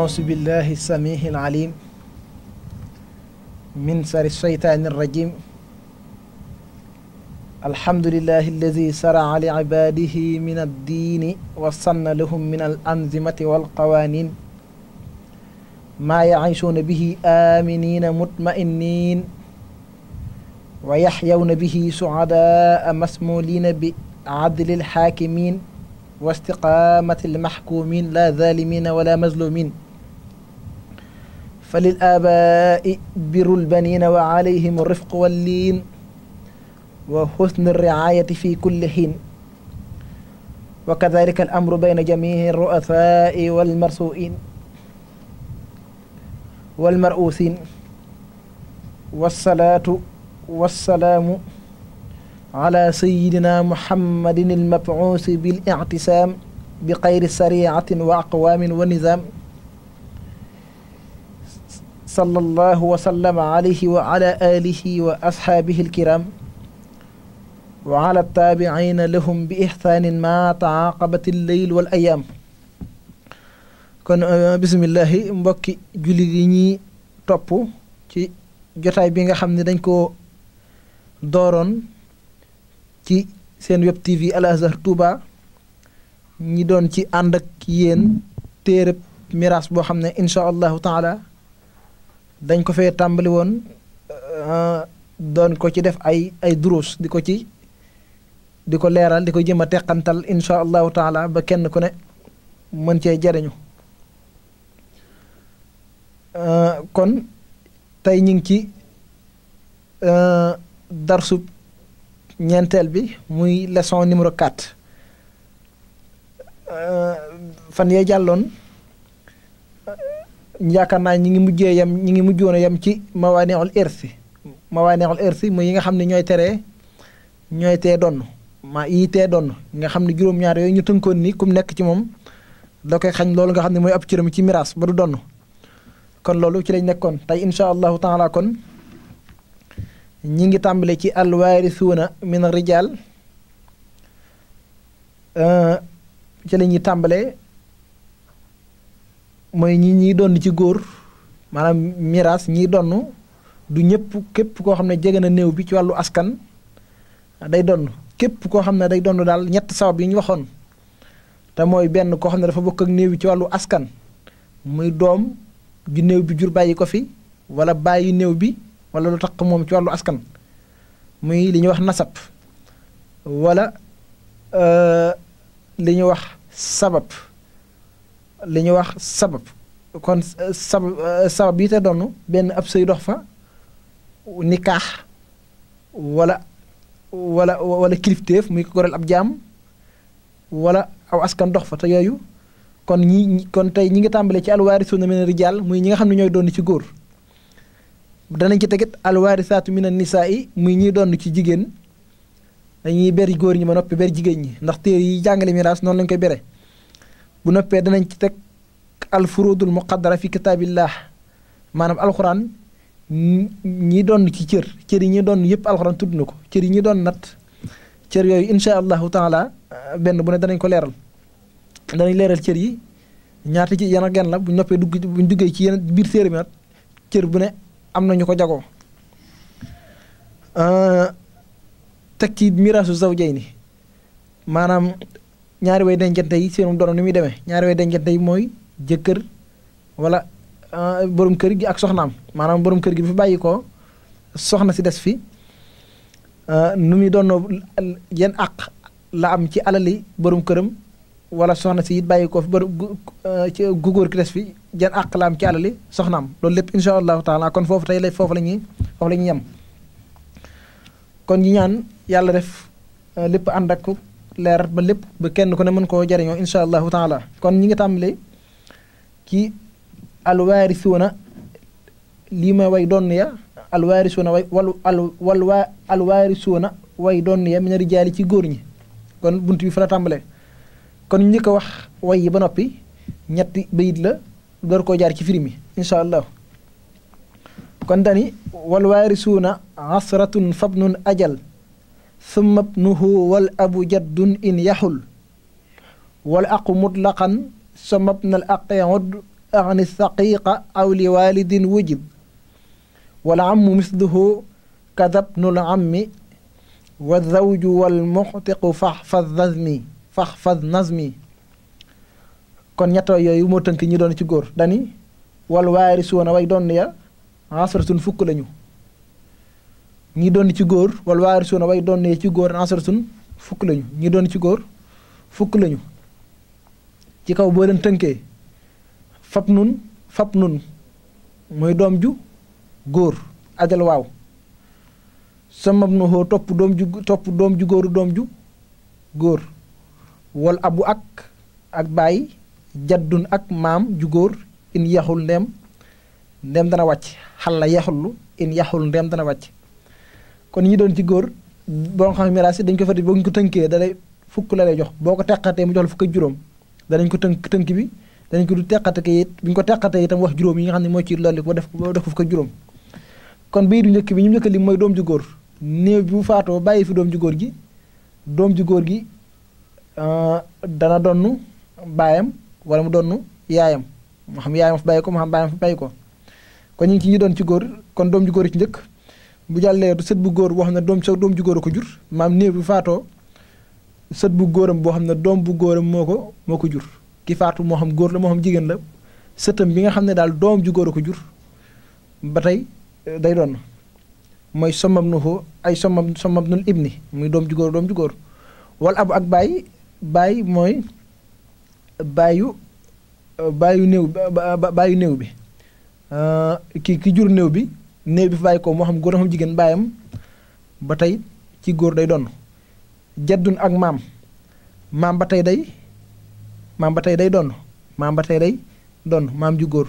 أعوذ بالله السميع العليم من سر الشيطان الرجيم الحمد لله الذي سرع لعباده من الدين وصن لهم من الأنظمة والقوانين ما يعيشون به آمنين مطمئنين ويحيون به سعداء مسمولين بعدل الحاكمين واستقامة المحكومين لا ظالمين ولا مظلومين fa lil aabaa'i birul baniina wa alayhim rifqu walliin wa xusnu ricaayati fi kulli xiin wa kadalika al amru bayna jamiici ru'asaa'i wal marsuu'iin wal mar'uusiin wasalaatu wasalaamu ala sayidina muhammadin al mabcuusi bil ictisaam bi xayri sariicatin wa aqwaamin wa nizaam sallallahu wa sallama alayhi wa ala alihi wa ashaabihi alkiram wa ala lahum bi ihsaanin ma taaqabat al-layl ayaam kon euh, bisimillahi mbokki jullit yi ñuy topp ci jotaay bi nga xam ni dañ koo dooroon ci seen web tv Al Azhar Touba ñi doon ci ànd ak yéen miraas boo xam ne incha allahu taala dañ ko fee tàmbali woon euh, doon ko ci def ay ay duruus di ko ci di ko leeral di ko jëm a teqantal insha allahu taala ba kenn ku ne mën cee jariñu euh, kon tey ñu ngi ci euh, darsu ñeenteel bi muy lesson numéro 4 fan yee jàlloon yaakaar naa ñi ngi mujjee yem ñi ngi mujjoon a yem ci mawaaneexul irsi mawaaneexul irsi mooy yi nga xam ne ñooy tere ñooy tee donn maa yi tee donn nga xam ne juróom-ñaar yooyu ñu tënkoon ni kum nekk ci moom da koy xañ loolu nga xam ne mooy ab cëram ci miraas ba du donn kon loolu ci lañ nekkoon tey insha allahu taala kon ñi ngi tàmbale ci alwaarisuuna min rijaal euh, ci la ñuy tàmbale mooy ñii ñiy donn ci góor maanaam miraas ñiy donn du ñëpp képp koo xam ne jege na néew bi ci wàllu askan day donn képp koo xam ne day donn daal ñett sabab yi ñu waxoon te mooy benn koo xam ne dafa bokk ak néew bi ci wàllu askan muy doom ju néew bi jur bàyyi ko fi wala bàyyi néew bi wala lu taq moom ci wàllu askan muy li ñuy wax nasab wala euh, li ñuy wax sabab li ñuy wax sabab kon euh, sabab euh, sabab yi te doon benn ab sëy dox fa nikaax wala wala wala kilifteef muy ko goreel ab jàmm wala aw askan dox fa te yooyu kon ñi kon tey ñi ngi tàmbalee ci alwaarisuuna mina rijaal muy ñi nga xam ne ñooy doon ci góor danañ ci tegit alwaarisaatu mina nisaa'i muy ñii doon ci jigéen dañuy beri góor ñi ba noppi beri jigéen ñi ndax téere yi jàngale miraas noonu lañ koy bere bu noppee danañ ci teg alfurudul muqaddara fi kitaabillah maanaam alxuraan ñii doon ci cër cër yi ñi doon yëpp alxuraan tudd na ko cër yi ñi doon nat cër yooyu insha allahu taala benn bu ne danañ ko leeral danañ leeral cër yi ñaata ci yan ak la bu noppee dugg buñ duggee ci yenn biir téere cër bu ne am na ñu ko jagoo teg ci miraasu zawjayni maanaam ñaari way dencante yi seen dono ni muy demee ñaari way dencante yi mooy jëkkër wala euh, borom kër gi ak soxnaam maanaam borom kër gi bu fi bàyyi soxna si des fi euh, nu muy doon yan àq la am ci alali borom këram wala soxna si it bàyyi ko fi borom euh, gu góor ki des fi yan àq la am ci alali soxnaam loolu lépp incha allahu taala kon foofu tey la foofu la ñuy foofu la ñuy yem kon ñi yàlla def lépp ànd ak. leer ba lépp ba kenn ku ne mën koo jariñoo insha allahu taala kon ñi nga tàmbali ci alwaarisuuna lii ma way doon ya alwaarisuuna way wal wal waa alwaarisuuna way doon ya mina rijaali ci góor ñi kon bunt bi fa la tàmbalee kon ñu njëkk wax way ba noppi ñetti bayit la door koo jaar ci firim yi insha allah kon dani walwaarisuuna asratun fabnun ajal summa bnuhu wal abu jaddun in yaxul wal aqu mutlaqan summa bnal aq yahud ani saqiqa aw li walidin wujib wal amu misluhu kadabnul ammi wa zawju wal muxtiqu faxfaz nazmi faxfaz nazmi kon ñettoo yooyu moo tënk ñi doon ci góor dani wal waarisuuna way doon ya asratun fukk lañu ñi doon ci góor wala way doon ne ci góor ansarsun fukk lañu ñi doon ci góor fukk lañu ci kaw boo leen tënkee fab nun fab nun mooy doom ju góor ajal waaw samab nu xoo topp doom ju topp doom ju góoru doom ju góor wal abu ak ak bàyyi jaddun ak maam ju góor in yaxul ndem ndem dana wàcc xal la yaxullu in yaxul ndem dana wàcc kon ñi doon ci góor boo xam miraas yi dañ ko fati boo ñu ko tënkee da fukk la jox boo ko teqatee mu jox la fukk ak juróom danañ ko tënk tënk bi danañ ko du teqate ko it bu ñu ko teqatee itam wax juróom yi nga xam ne moo ci loolu ko def ko def ko fukk kon bii du njëkk bi ñu njëkk li mooy doom ju góor néew bu faatoo bàyyi fi doom ju góor gi doom ju góor gi euh, dana donn baayam wala mu donn yaayam moo xam yaayam fa bàyyi ko moo xam baayam fa bàyyi ko kon ñu ngi ci ñu doon ci góor kon doom ju góor yi ci njëkk bu jàllee sët bu góor boo xam ne doom sa doom ju góor a ko jur maam néew bi faatoo sët bu góoram boo xam ne doom bu góoram moo ko moo ko jur ki faatu moo xam góor la moo xam jigéen la sëtam bi nga xam ne daal doom ju góor a ko jur ba tey eh, day doon na mooy somam nu ko ay somam somam nul ibni muy doom ju góor doom ju góor wala abu ak baay baay mooy baayu eh, baayu néew baayu néew bi eh, ki ki jur néew bi néew bi fi bàyyi ko moo xam góor xam jigéen bàyyam ba tey ci góor day donn jaddun ak maam maam ba tey day maam ba tey day donn maam ba tey day donn maam ju góor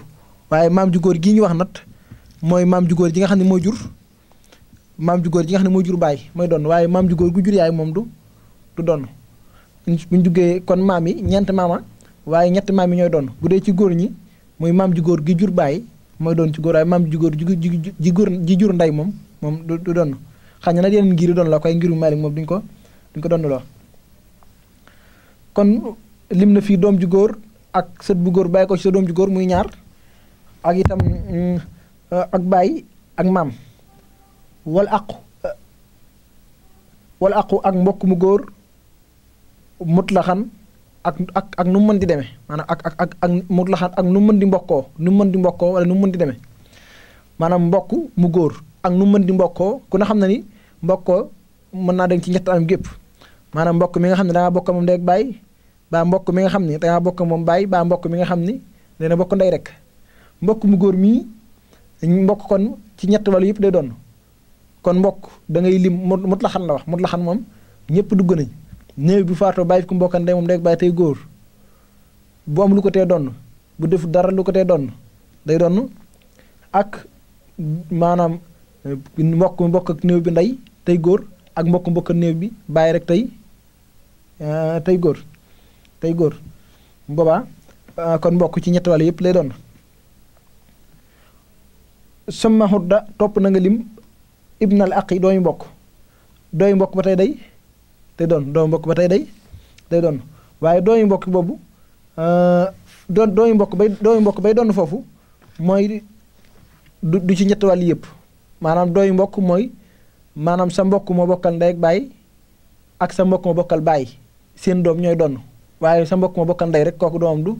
waaye maam ju góor gii ñu wax nat mooy maam ju góor ji nga xam ne moo jur maam ju góor ji nga xam ne moo jur baay mooy donn waaye maam ju góor gu jur yaay moom du du donn bu ñu duggee kon maam yi ñeent maama waaye ñetti maam yi ñooy donn bu dee ci góor ñi mooy maam ju góor gi jur baay mooy doon ci góor waaye maam ji góor ji góor ji jur ndey moom moom du doon xañ na nag yeneen ngir doon la koy ngiru Maalik moom duñ ko duñ ko doon loo kon lim na fii doom ju góor ak sët bu góor bàyyi ko ci sa doom ju góor muy ñaar ak itam mm, uh, ak baay ak maam wala aqu uh, wala aqu ak mbokk mu góor mut mutlaxan ak ak ak nu mu mën di demee maanaam ak ak ak ak mu laxaan ak nu mu mën di mbokkoo nu mu mën di mbokkoo wala nu mu mën di demee maanaam mbokk mu góor ak nu mu mën di mbokkoo ku ne xam na ni mbokkoo mën naa dem ci ñett gépp maanaam mbokk mi nga xam ne dangaa bokk moom ndey ak baay baa mbokk mi nga xam ne dangaa bokk moom baay baa mbokk mi nga xam ne dana bokk ndey rek mbokk mu góor mii mbokk kon ci ñett wàllu yëpp day doon kon mbokk da ngay lim mut laxan la wax mut laxan moom ñëpp dugg nañ néew bi faatoo bàyyi ku mbokkam ndey moom ndey bàyyi tey góor bu lu ko donn bu def dara lu ko tee donn day donn ak maanaam eh, mbokk mbokk ak néew bi ndey tey góor ak mbokk mbokk néew bi bàyyi rek tey eh, tey góor tey góor boobaa eh, kon mbokk ci ñetti wàll yëpp lay doon sama xudda topp na nga lim ibnal aqi dooy mbokk dooy mbokk ba tey day day doon doomu mbokk ba tey day day doon waaye doomu mbokk boobu euh, doon doomu mbokk bay doomu mbokk bay doon foofu mooy du du ci ñett wàll yëpp maanaam doomu mbokk mooy maanaam sa mbokk moo bokkal ndey ak sa mbokk bokkal baay seen doom ñooy doon waaye sa mbokk moo rek kooku doomam du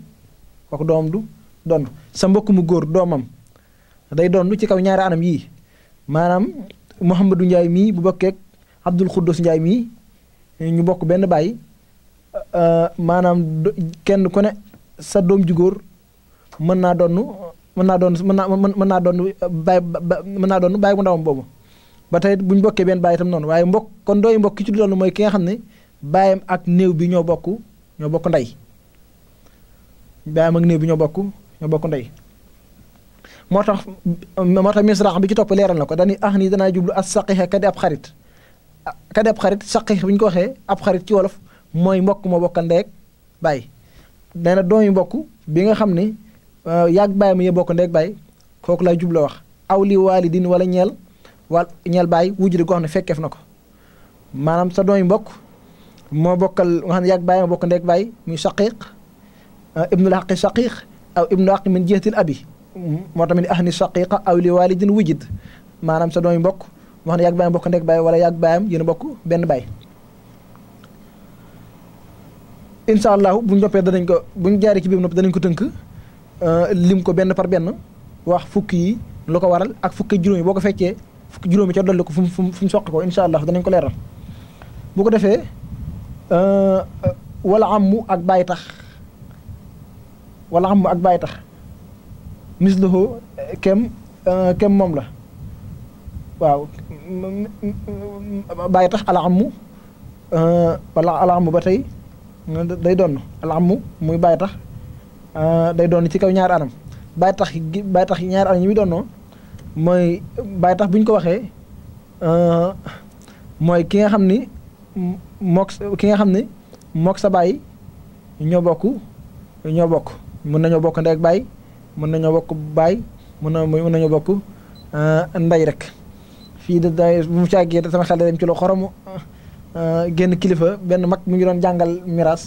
kooku doomam du doon sa mbokk mu góor doomam day doon ci kaw ñaari anam yii maanaam Mouhamadou njaay mii bu bokkeek Abdoul Khoudous Ndiaye mii. ñu bokk benn bàyyi euh, maanaam kenn ku ne sa doom ju mën naa doon mën naa doon mën naa mën naa doon bàyyi mën naa doon bàyyi bu ndawam boobu ba tey bu bokkee benn bàyyi tam noonu waaye mbokk kon dooy mbokk ki ci doon mooy ki nga xam ne bàyyam ak néew bi ñoo bokk ñoo bokk ndey bàyyam ak néew bi ñoo bokk ñoo bokk ndey moo tax moo tax misraax bi ci topp leeral na ko dañuy ax ah nii danaa jublu as saqiha kadi ab xarit ka ab xarit saqiix bi ñu ko waxee ab xarit ci wolof mooy mbokk moo bokk ndey ak baay nee na doom yi mbokk bi nga xam ni yàgg baay ma bokk ndey ak kooku lay jubla wax aw li waalidin wala ñeel wal ñeel baay wujudi goo xam ne fekkeef na ko maanaam sa doom yi mbokk moo bokkal nga xam bokk ndey ak baay muy saqiiq euh, ibnul xaqi saqiiq aw ibnu xaqi min jihatil abi moo tamit ni saqiiqa aw li waalidin wujid maanaam sa doom yi mbokk wax ne yàgg baayam bokk ndek baay wala yàgg baayam yéen bokk benn baay incha allahu buñ noppee danañ ko buñ jaaree ci biir noppi danañ ko tënk euh, lim ko benn par benn wax fukki yi lu ko waral ak fukki juróom yi boo ko feccee fukki juróomi ca dolli ko fu mu fu mu fu mu soqe ko incha allahu danañ ko leeral bu ko defee euh, wala amu ak bàyyi tax wala amu ak bàyyi tax misluhu kem euh, kem moom la waaw bàyyi tax alamu euh, wala alamu ba tey day doon amu muy bàyyi tax euh, day doon ci kaw ñaari anam bàyyi tax bàyyi tax ñaari anam yi muy doonoo mooy bàyyi tax bu ko waxee euh, mooy ki nga xam ni mook ki nga xam ni mook sa bàyyi ñoo bokk ñoo bokk mën nañoo bokk ndey ak bàyyi mën nañoo bokk bàyyi mën na mën nañoo bokk ndey rek fii da day bu mu càggee da sama xel da dem ci lu xoromu euh, génn kilifa benn mag mu ngi doon jàngal miraas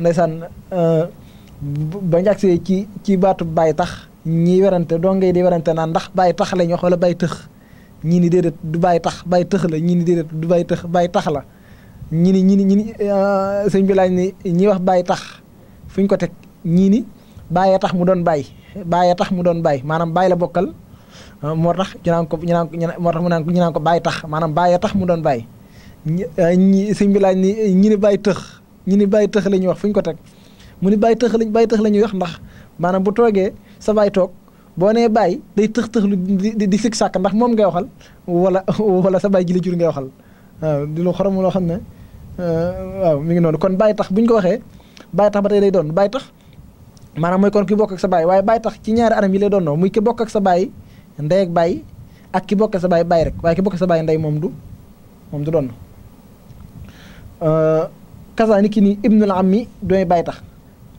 ndeysaan euh, ba agsee ci ci baatu bàyyi tax ñiy werante doo ngay di werante naan ndax bàyyi tax lañu wax wala bàyyi tëx ñii ni déedéet du bàyyi tax bàyyi tëx la ñii ni déedéet du bàyyi tëx bàyyi tax la ñi ni ñi ni ñi euh, sëñ bi laaj ni ñi wax bàyyi tax fu ñu ko teg ñii ni bàyyee tax mu doon bàyyi bàyyee tax mu doon bàyyi maanaam bàyyi la bokkal Ah, moo tax ñu naan ko ñu naan ko moo tax mu naan ñu naan ko bàyyi maanaam bàyyi tax mu doon bàyyi ah, ñi sëñ bi laaj ni ñi ni bàyyi tëx ñi ni bàyyi la ñuy wax fu ñu ko teg mu ni bàyyi tëx lañ bàyyi tëx la ñuy wax ndax maanaam bu toogee sa bàyyi toog boo nee bàyyi day tëx tëx lu di di sikk sàkk ndax moom ngay waxal wala wala sa bàyyi ji la ngay waxal ah, di lu xorom loo xam ne waaw mi ngi noonu kon bàyyi tax bu ñu ko waxee bàyyi tax ba tey lay doon bàyyi tax maanaam mooy kon ki bokk ak sa bàyyi waaye bàyyi tax ci ñaari anam yi lay doon muy ki bokk ak sa bàyyi ndey ak bàyyi ak ki bokke sa bàyyi bàyyi rek waaye ki bokke sa bàyyi ndey moom du moom du doon euh, kasaa ni ki nii ibnul ammi dooy bàyyi tax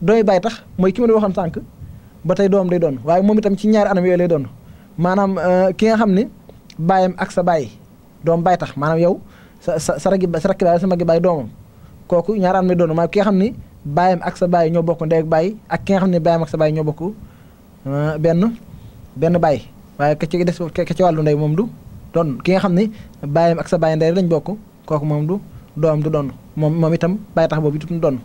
dooy bàyyi tax mooy ki ma sànq ba tey doom day doon waaye moom itam ci ñaari anam yooyu lay doon maanaam euh, ki nga xam ne bàyyam ak sa bàyyi doom bàyyi tax maanaam yow sa sa sa ragi sa rakki bàyyi sa magi bàyyi doomam kooku ñaari anam lay doon maanaam ki nga xam ne bàyyam ak sa bàyyi ñoo bokk ndey ak bàyyi ak ki nga xam ne bàyyam ak sa bàyyi ñoo bokk euh, benn benn bàyyi waaye ka ci des ka ci wàllu ndey moom du doon ki nga xam ne bàyyam ak sa bàyyi ndey lañ bokk kook moom du doom du doon moom moom itam baay tax boobu du doon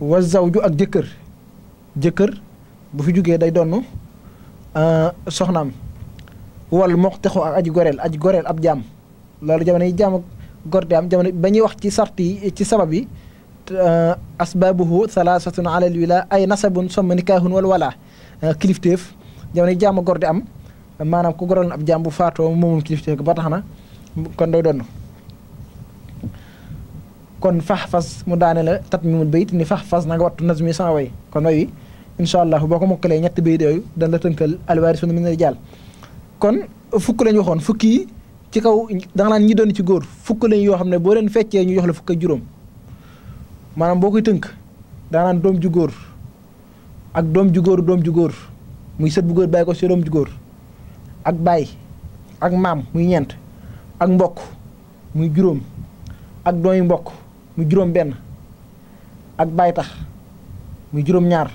wa zawju ak jëkkër jëkkër bu fi jugee day doon euh, soxnaam wal moxtexu ak aji goreel aji goreel ab jaam loolu jamono yi jaam ak gor di am jamono ba ñuy wax ci sart yi ci sabab yi euh, asbaabuhu salaasatun alal la ay nasabun somma nikaahun wal wala euh, kilifteef jamono jàmm gor di am maanaam ku goroon ab jaam bu faatoo moomum kilifte ba tax na kon day donn kon fas mu daane la tatmimul bayit ni faxfas na nga wattu nazmi sama way kon way wi incha allah boo ko mokkalee ñett bayit yooyu dañ la tënkal alwarisuna min rijal kon fukk lañ waxoon fukki ci kaw da nga naan ñi doon ci góor fukk lañ yoo xam ne boo leen feccee ñu jox la fukk ak juróom maanaam boo koy tënk da nga doom ju góor ak doom ju góor doom ju góor muy set bu góor bàyyi ko si doom ju góor ak baay ak maam muy ñeent ak mbokk muy juróom ak doomi mbokk muy juróom benn ak baay tax muy juróom ñaar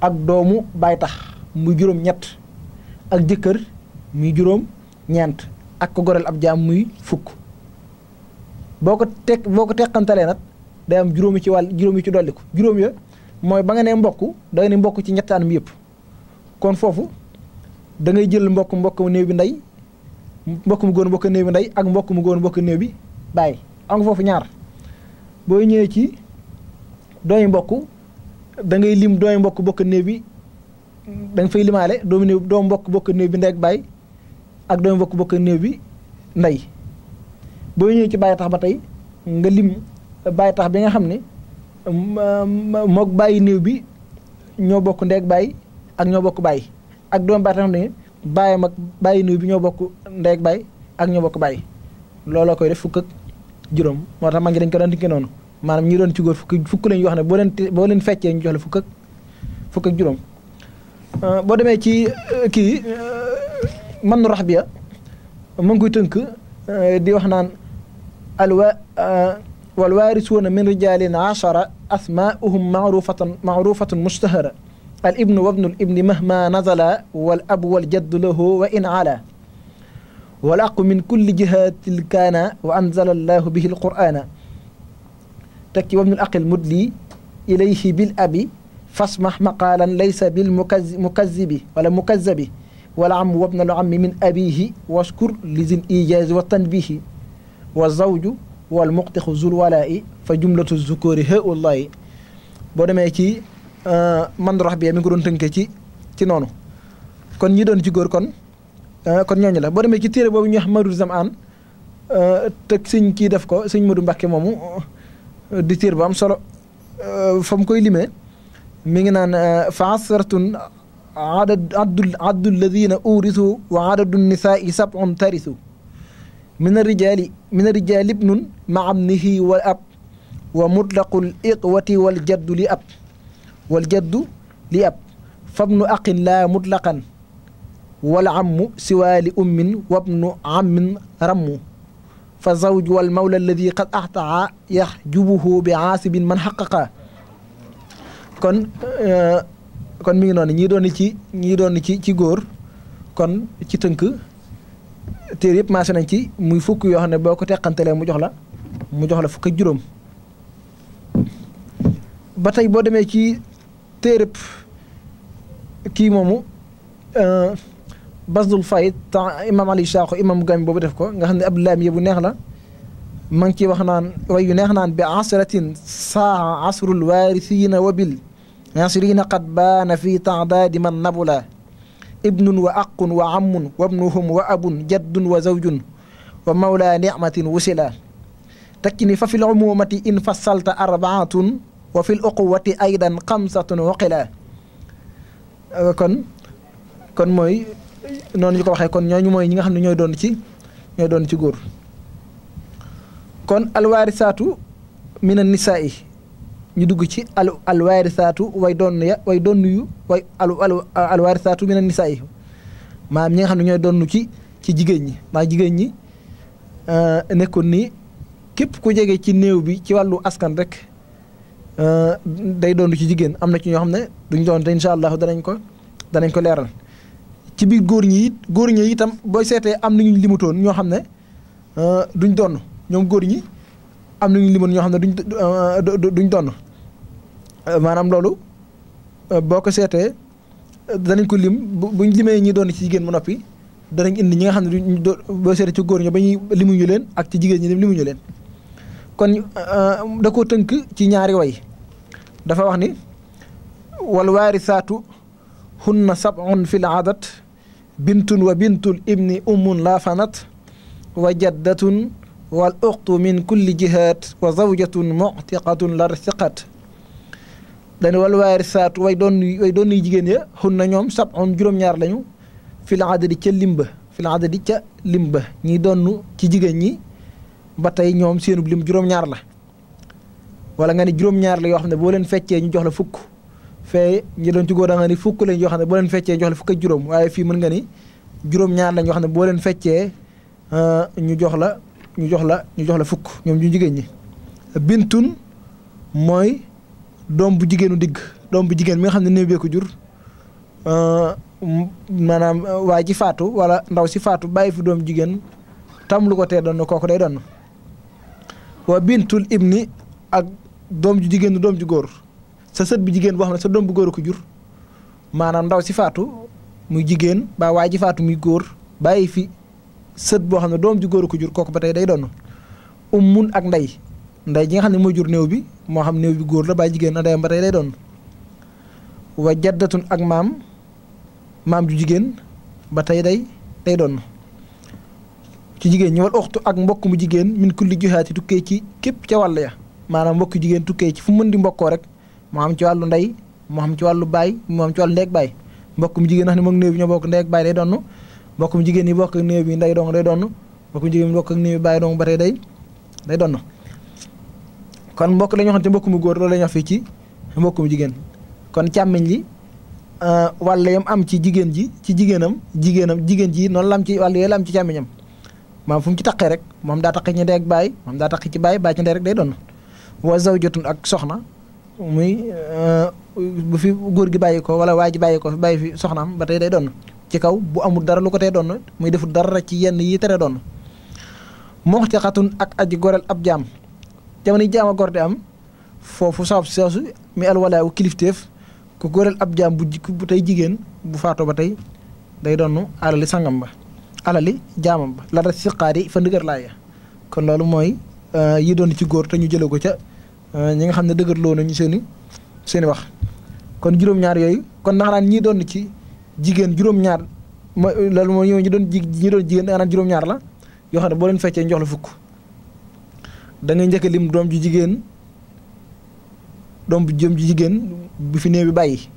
ak doomu baay tax muy juróom ñett ak jëkkër muy juróom ñeent ak ko goreel ab jaam muy fukk boo ko teg boo ko teqantalee nag day am juróomi ci wàll juróomi ci dolliku juróom ya mooy ba nga nee mbokk da nga mbokk ci ñettaan mi yëpp kon foofu dangay ngay jël mbokk mbokk néew bi ndey mbokk mu góor mbokk néew bi ndey ak mbokk góor mbokk néew bi bàyyi am foofu ñaar boo ñëwee ci doomi mbokk dangay lim doomi mbokk bokk néew bi da nga fay limaale doomu mbokk bokk néew bi ndey ak bàyyi ak doomi mbokk bokk néew bi ndey boo ñëwee ci bàyyi tax ba tey nga lim bàyyi tax bi nga xam ni mook bàyyi néew bi ñoo bokk ndeeg bàyyi ak ñoo bokk bàyyi ak doom baa tam ne mag bàyyi néew bi ñoo bokk ndeeg bàyyi ak ñoo bokk bàyyi looloo koy def fukk ak juróom moo tax ma ngi dañ ko daan tënkee noonu maanaam ñi doon ci góor fukk fukk lañuy wax ne boo leen boo leen feccee ak juróom euh, boo demee ci euh, kii euh, man nu rax biya ma ngi koy tënk di wax naan alwa والوارثون من رجال عشرة أسماؤهم معروفة معروفة مشتهرة الابن وابن الابن مهما نزل والأب والجد له وإن علا والأق من كل جهة كان وأنزل الله به القرآن تكي وابن الأق المدلي إليه بالأب فاسمح مقالا ليس بالمكذب ولا مكذب والعم وابن العم من أبيه واشكر لذي الإيجاز والتنبيه والزوج wal muqtixu zul walaa'i fa jumlatu zukuri he wallahi boo demee ci euh, mandorox bi mi ngi ko doon tënkee ci ci noonu kon ñi doon ci góor kon euh, kon ñooñu la boo demee ci téere boobu ñu wax Madou Zamaan euh, teg sëñ kii def ko sëñ Madou Mbàkke moomu di téere bu am solo fa mu koy limee mi ngi naan fa asratun adad addu addu alladina urisu wa adadu nisaai sabun tarisu min arijaali min arijaali ibnun ma abnihi wal ab wa mutlaqul iqwati wal jaddu li ab wal jaddu li ab fabnu aqin laa mutlaqan wal ammu siwaali ummin wabnu ammin rammu fa zawj wal mawla alladi qad axtaa yaxjubuhu bi aasibin man xaqaqaa kon eh, kon mi ngi noonu ñii doon ci ñii doon ci ci góor kon ci tënk téere yëpp maase nañ ci muy fukk yoo xam ne boo ko teqantelee mu jox la mu jox la fukk juróom ba tey boo demee ci téereb kii moomu euh, basdul fayit temps imam ali saako imam gami boobu def ko nga xam ne abdulaam bu neex la ma ngi ciy wax naan way yu neex naan bi asratin saa asrul waarisiina wabil asrina qad na fi taadaadi man nabula ibnun wa aqun wa ammun wa ibnuhum wa abun jaddun wa zawjun wa mawla nicmatin wusila tekki ni fa fi lumumati in fassalta arbaatun wa fi luquwati aydan xamsatun waqila kon kon mooy noonu ñu ko waxee kon ñooñu mooy ñi nga xam ne ñooy doon ci doon ci góor kon alwaarisaatu min an nisaa yi ñu dugg ci al alwaarisaatu way doon ya way doon yu way al saatu mina nisaa yi maanaam ñi xam ne ñooy doon ci ci jigéen ñi maanaam jigéen ñi euh, nekkoon ni képp ku jege ci néew bi ci wàllu askan rek euh, day doon ci jigéen am na ci ñoo xam ne duñ doon te incha danañ ko danañ ko leeral ci biir góor ñi góor ñi itam booy seetee am na limutoon ñoo xam ne euh, duñ doon ñoom góor ñi. am nañu limoon ñoo xam ne duñ duñ donn maanaam loolu boo ko seetee danañ ko lim buñ limee ñi doon ci jigéen mu noppi danañ indi ñi nga xam ne duñ boo seetee ci góor ñi ba ñuy limuñu leen ak ci jigéen ñi limuñu leen kon euh, da koo tënk ci ñaari way dafa wax ni wal waarisaatu hunna sab'un fil adat bintun wa bintul ibni ummun laafanat wa jaddatun wal uxtu min kulli jihaat wa zawjatun muctiqatun larsiqat dañu wal waarisaat way doon way doon yu jigéen ya xun na ñoom sab'un juróom-ñaar lañu fil adadi ca limba fil adadi ca limba ñi doon ci jigéen ñi ba tey ñoom seenub lim juróom-ñaar la wala nga ni juróom-ñaar la yoo xam ne boo leen feccee ñu jox la fukk fee ñi doon ci góor da nga ni fukk lañ yoo xam ne boo leen feccee ñu fukk ak fii mën nga ni juróom-ñaar lañ yoo xam ne boo leen feccee euh, ñu jox la ñu jox la ñu jox la fukk ñoom ñu jigéen ñi bintun mooy doom bu jigéenu digg doom bu jigéen mi nga xam ne néew bee ko jur euh, maanaam euh, waa ji faatu wala ndaw si faatu bàyyi fi doom jigéen tam lu ko tee doon kooku day doon wa bintul ibni ak doom ju jigéen doom ju góor sa sët bu jigéen boo xam ne sa doom bu góor a ko jur maanaam ndaw si faatu muy jigéen ba waa ji faatu muy góor bàyyi fi sët boo xam ne doom ju góor ko jur kooku ba tey day doon ummun ak ndey ndey ji nga xam ne mooy jur néew bi moo xam néew bi góor la baay jigéen a ndeyam ba tey day doon wa ak maam maam ju jigéen ba tey day day doon ci jigéen ñi wal oxtu ak mbokk mu jigéen min kulli joxaati tukkee ci képp ca wàll ya maanaam mbokk jigéen tukkee ci fu mën di mbokkoo rek moo xam ci wàllu ndey moo xam ci wàllu baay moo xam ci wàllu ndeeg baay mbokk mu jigéen wax ne moom néew bi ñoo bokk ndeeg baay day doon mbokkum jigéen yi bokk ak néew bi nday dong day donn mbokkum jigéen yi bokk ak néew bi bàyyi dong ba tey day day donn kon mbokk lañu xam ne mbokk mu góor loolu la fii ci mbokk jigéen kon càmmiñ li euh, wàll am ci jigéen ji ci jigéenam jigéenam jigéen ji noonu la ci wàll la ci càmmiñam maam fu mu ci taqee rek moom daa taqee ci ndey ak baay moom daa ci baay ci ndey rek day doon wa zawjatun ak soxna muy euh, bu fi góor gi bàyyi ko wala waa ji bàyyi ko fi bàyyi fi soxnaam ba tey day doon ci kaw bu amul dara lu ko tee doon muy deful dara rek ci yenn yi tere doon moo ci ak aji goreel ab jaam jamono jaam a gor di am foofu saabu soosu mi alwalaayu kilifteef ku goreel ab jaam bu bu tey jigéen bu faatoo ba tey day doon alali sangam ba alali jaamam ba la da siqaari fa ndëgër laaya kon loolu mooy euh, yi doon ci góor te ñu jëlee ko ca euh, ñi nga xam ne dëgër loo nañu seen i seen i wax kon juróom-ñaar yooyu kon ndax ñii doon ci. jigéen juróom-ñaar ma loolu mooy ñoo ñu doon ji ñu doon jigéen da naan juróom-ñaar la yoo xam ne boo leen feccee njox la fukk dangay njëkk lim doom ju jigéen doom bu jëm ju jigéen bu fi néew bi bàyyi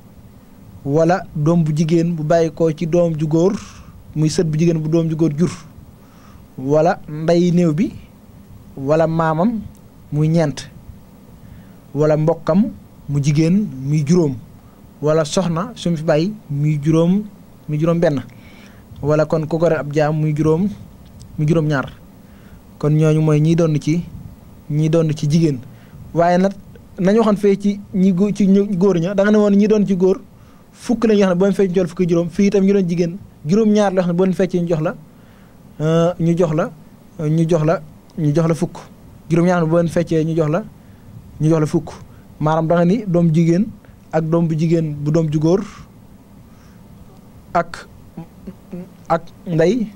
wala doom bu jigéen bu bàyyi ko ci doom ju góor muy sët bu jigéen bu doom ju góor jur walla nday néew bi wala maamam muy ñeent wala mbokkam mu jigéen muy juróom wala soxna su mu fi bàyyi muy juróom muy juróom benn wala kon ku ko ab jaam muy juróom muy juróom ñaar kon ñooñu mooy ñii doon ci ñii doon ci jigéen waaye nag nañu waxoon fee ci ñi góor ci góor ña da nga ne woon ñi doon ci góor fukk la ñu wax ne boo leen fee ñu jox la fukki juróom fii itam ñu doon jigéen juróom-ñaar ne boo leen jox la euh, ñu jox la ñu jox la ñu jox la fukk juróom-ñaar boo leen feccee ñu jox la ñu jox la fukk maanaam da ni doom jigéen ak doom bu jigéen bu doom ju góor ak ak ndey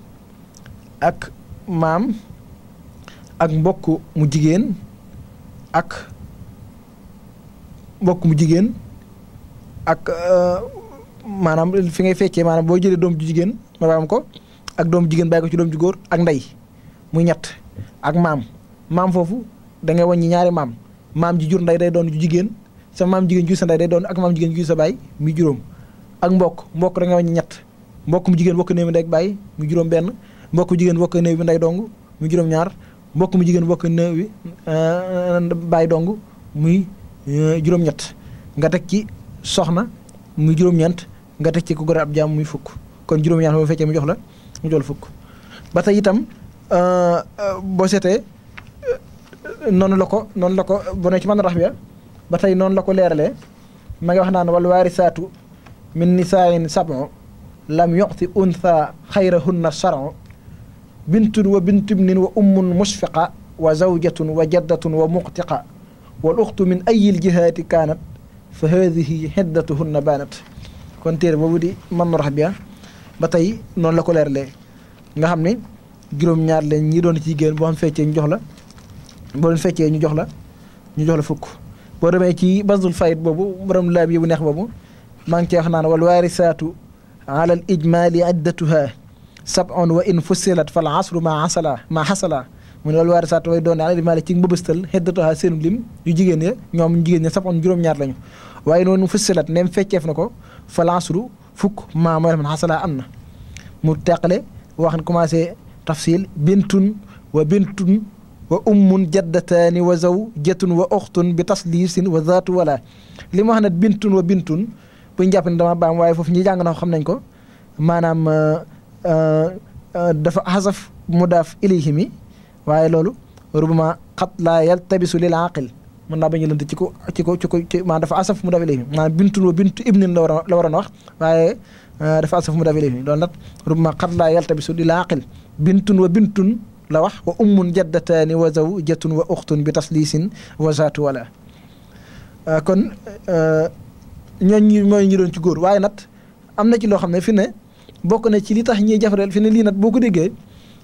ak maam ak mbokk mu jigéen ak mbokk mu jigéen ak euh, maanaam fi ngay fekkee maanaam boo jëlee doom ju jigéen ma baam ko ak doom jigéen bàyyi ko ci doom ju góor ak ndey muy ñett ak maam maam foofu dangay ngay wàññi ñaari maam maam ji jur ndey day doon ju jigéen sa maam jigéen ju sa day doon ak maam jigéen ju sa baay muy juróom ak mbokk mbokk da ñett mbokk mu jigéen bokk néew bi ndey ak baay mu juróom benn mbokk mu jigéen bokk néew bi ndey mu juróom ñaar mbokk mu bokk néew euh, bi muy euh, juróom ñett nga teg ci soxna muy juróom ñeent nga teg ci ku gore ab jaam muy fukk kon juróom ñaar bu fekkee mu jox la mu jox fukk ba tey itam euh, boo noonu la ko noonu la ko boo nee ci man rax ba tey noonu la ko leeralee ma ngi wax naan wal waarisaatu min nisaayin sab'u lam yu'ti untha xayrahunna shar'u bintun wa bintibnin wa ummun mushfiqa wa zawjatun wa jaddatun wa muqtiqa wal uxtu min ayil jihaati kaanat fa haadihi hiddatuhunna baanat kon téere boobu di man rax bi ba tey noonu la ko leer leeralee nga xam ne juróom-ñaar lañ ñi doon ci jigéen boo xam feccee ñu jox la boo leen ñu jox la ñu jox la fukk boo demee ci basdul faid boobu borom laab yi bu neex boobu maa ngi cee wax naan wal waarisaatu ala al ijmaali iddatuha sab'un wa in fussilat fal asru maa asala maa xasala mu ne wal waarisaatu way doon ala ijmaali ci mbëbëstal iddatuha seen lim yu jigéen ña ñoom jigéen ña sab'un juróom-ñaar lañu waaye noonu fussilat neem fecceef na ko fal asru fukk maa mooy man xasala am na mu teqale wax ne commencé tafsil bintun wa bintun wa ummun jaddataani wa zawjatun wa uxtun bi tasliisin wa zaatu wala li ma wax nag bintun wa bintun bu ñu jàpp ne dama baam waaye foofu ñi jàng na xam nañ ko maanaam euh, euh, euh, dafa xasaf mudaaf ilayhi mi waaye loolu rubama xat laa yaltabisu lil aqil mën naa a lënt ci ko ci ko ci ko maa dafa asaf mudaaf ilayhi maanaam bintun wa bintu ibnin la war la waroon wax waaye dafa asaf mudaaf ilayhi loolu nag rubama xat laa yaltabisu lil aqil bintun wa bintun la wax wa ummun jaddataani wa zawjatun wa uxtun bi tas tasliisin wa zaatu wala euh, kon euh, ñooñ ñi mooy ñi doon ci góor waaye nag am na ci loo xam ne fi ne bokk na ci li tax ñiy jafareel fi ne lii nag boo ko déggee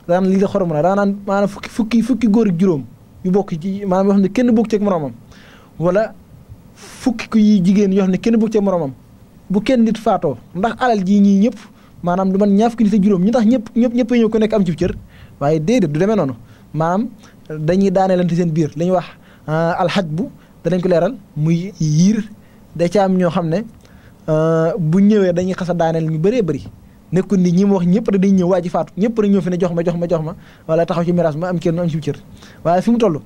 daan lii da xorom na daanaan maanaam fukki fukki fukki góor juróom yu bokk ci maanaam yoo xam ne kenn bokk ceeg moroomam wala fukki ku yi jigéen yoo xam ne kenn bokk ceeg moroomam bu kenn nit faatoo ndax alal jii ñii ñëpp maanaam lu man ñaar fukki nit ak juróom ñi tax ñëpp ñëpp ñëpp ñëw ko nekk am ci cër waaye déedéet du demee noonu maam dañuy daaneelante seen biir li wax euh, alxaj bu danañ ko leeral muy yiir da ca am ñoo xam ne euh, bu ñëwee dañuy xas a daaneel ñu bëree bëri nekkul ni ñi mu wax ñëpp da dañ ñëw waa ji faatu ñëpp da ñëw fi ne jox ma jox ma jox ma wala taxaw ci miraas ma am kenn am ci cër waaye fi mu toll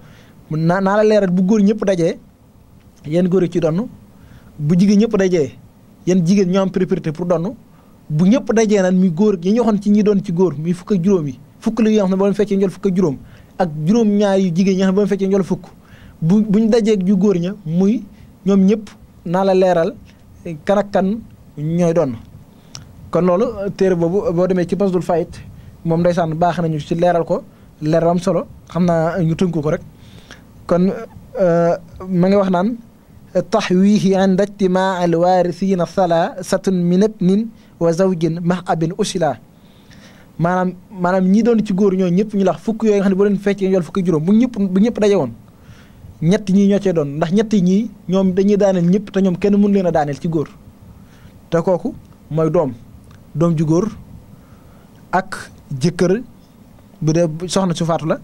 naa naa la leeral bu góor ñëpp dajee yéen góor ci donn bu jigéen ñëpp dajee yéen jigéen ñoo am priorité pour donn bu ñëpp dajee naan muy góor yi ñu waxoon ci ñi doon ci góor muy fukk ak juróom yi fukk la yoo xam ne boo leen feccee njol fukk ak juróom ak juróom ñaar yu jigéen ñi nga xam ne boo leen fukk bu buñ dajeek ju góor ña muy ñoom ñëpp naa la leeral kan ñooy doon kon loolu téere boobu boo demee ci Basuul Fayit moom ndeysaan baax nañu ci leeral ko leeral solo xam naa ñu tënku ko rek kon euh, ma ngi wax naan taxwiihi inda ijtimaa al waarisiina salaasatun min ibnin wa zawjin max abin usila maanaam maanaam ñii doon ci góor ñooñu ñëpp ñu lax fukk yooyu nga xam ne bu leen feccee ñu yor fukki juróom bu ñëpp bu ñëpp ñett ñii ñoo cee doon ndax ñett ñii ñoom dañuy daaneel ñëpp te kenn mënu leen a daaneel mooy doom doom ju góor ak jëkkër bu soxna su faatu la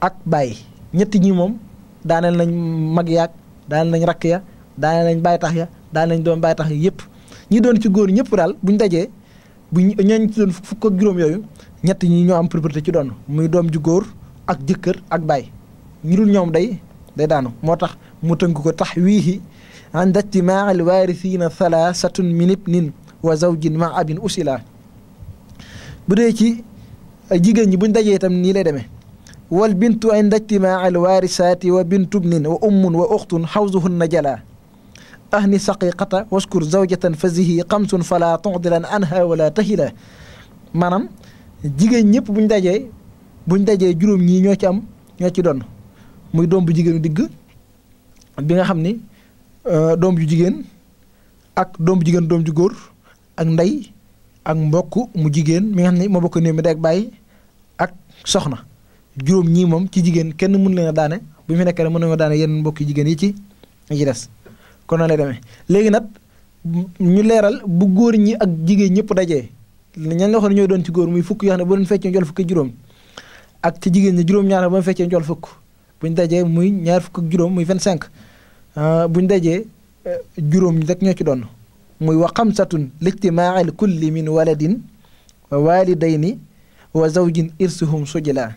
ak bàyyi ñett ñi moom daaneel nañ mag yaag daaneel nañ rakk ya daaneel nañ bàyyi tax ya daaneel nañ doom bàyyi tax ya yëpp ñi doon ci góor ñëpp daal buñ dajee bu ñooñ ci juróom yooyu ñett ñi ñoo am propriété ci doon muy doom ju góor ak jëkkër ak baay ñu dul ñoom day day daanu moo tax mu tënk ko tax wiihi ànd ijtimaa al waarisiina salaasatun min ibnin wa zawjin ma abin usila bu ci jigéen ñi buñ dajee itam nii lay demee wal bintu ànd ijtimaa al wa bintu ibnin wa ummun wa uxtun xawsuhunna jalaa ni ahni saqiqata waskur zawjatan fazihi xamsun fala leen anha wala tahila maanaam jigéen ñëpp buñ dajee buñ dajee juróom ñii ñoo ci am ñoo ci doon muy doom bu jigéenu digg bi nga xam ni euh, doom ju jigéen ak doom bu jigéen doom ju góor ak ndey ak mbokk mu jigéen mi nga xam ne moo bokk néew mi day bàyyi ak soxna juróom ñii moom ci jigéen kenn mën leen a daane bu ñu fi nekkee rek mën nañoo daane yenn mbokki jigéen yi ci yi ci des kon na lay demee léegi nag ñu leeral bu góor ñi ak jigéen ñëpp dajee ñañ la waxoon ñooy doon ci góor muy fukk yoo xam ne bu doon feccee njool fukk juróom ak ci jigéen ñi juróom-ñaar ba mu fukk buñ dajee muy ñaar fukk ak juróom muy 25 ah, buñ dajee eh, juróom ñi ñoo ci doon muy wa xamsatun lijtimaail kulli min waladin wa walidayni wa zawjin irsuhum sujla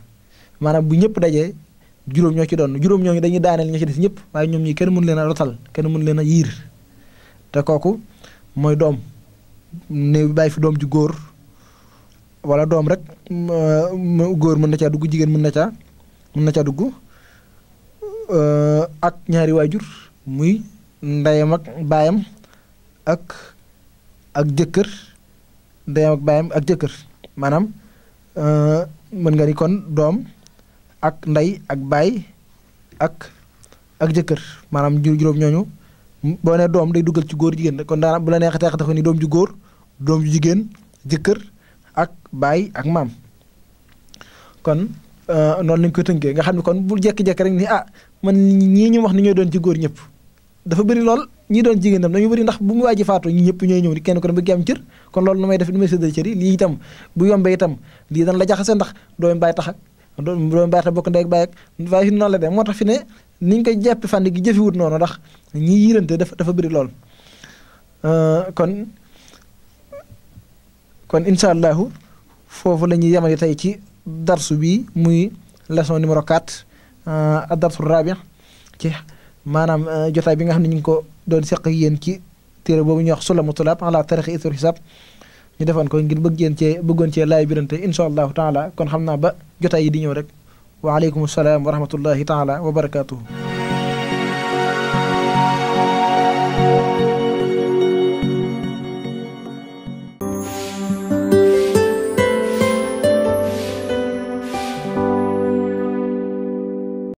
maanaam bu ñëpp dajee juróom ñoo ci doon juróom ñoo ñooñu dañuy daaneel ña ci des ñëpp waaye ñoom ñi kenn mën leen a rotal kenn mën leen a yiir te kooku mooy doom ne bàyyi fi doom ju góor wala doom rek góor mën na caa dugg jigéen mën na caa mën na caa dugg euh, ak ñaari waajur muy ndeyam ak baayam ak ak jëkkër ndeyam ak baayam ak jëkkër maanaam euh, mën nga ni kon doom ak ndey ak baay ak ak jëkkër maanaam juróom ñooñu boo nee doom day duggal ci góor jigéen kon daanaka bu la neexee tax ni doom ju góor doom ju jigéen jëkkër ak baay ak maam kon euh, noonu lañ koy tënkee nga xam ne kon bu jekki-jekki rek ni ah man ñii ñu wax ni ñooy doon ci góor ñëpp dafa bëri lool ñi doon jigéen tam dañu bëri ndax bu mu waaji faatu ñi ñëpp ñooy ñëw ni kenn ko ne bëgg am cër kon loolu nu may def ni may séddale cër lii itam bu yombee itam lii dañ la jaxase ndax doomu baay tax doom doom baata bokk ndey ak baay la de moo tax fi ne ni ñu koy jàppe fànn gi jëfewut noonu ndax ñi yirante dafa dafa bari lool euh, kon kon incha allahu foofu lañuy ñuy yemale tey ci darsu bi muy leçon numéro 4 euh, ak darsu rabia ci maanaam euh, jotaay bi nga xam ne ñu ngi ko doon seq yéen ci téere boobu ñuy wax sulamu tulaab ala tariqi itul xisaab ñu defoon ko ngir bëggeen cee bëggoon cee laay birante incha allahu taala kon xam naa ba jotaay yi di ñëw rek waaleykum salaam wa rahmatullahi taala wa barakaatuhu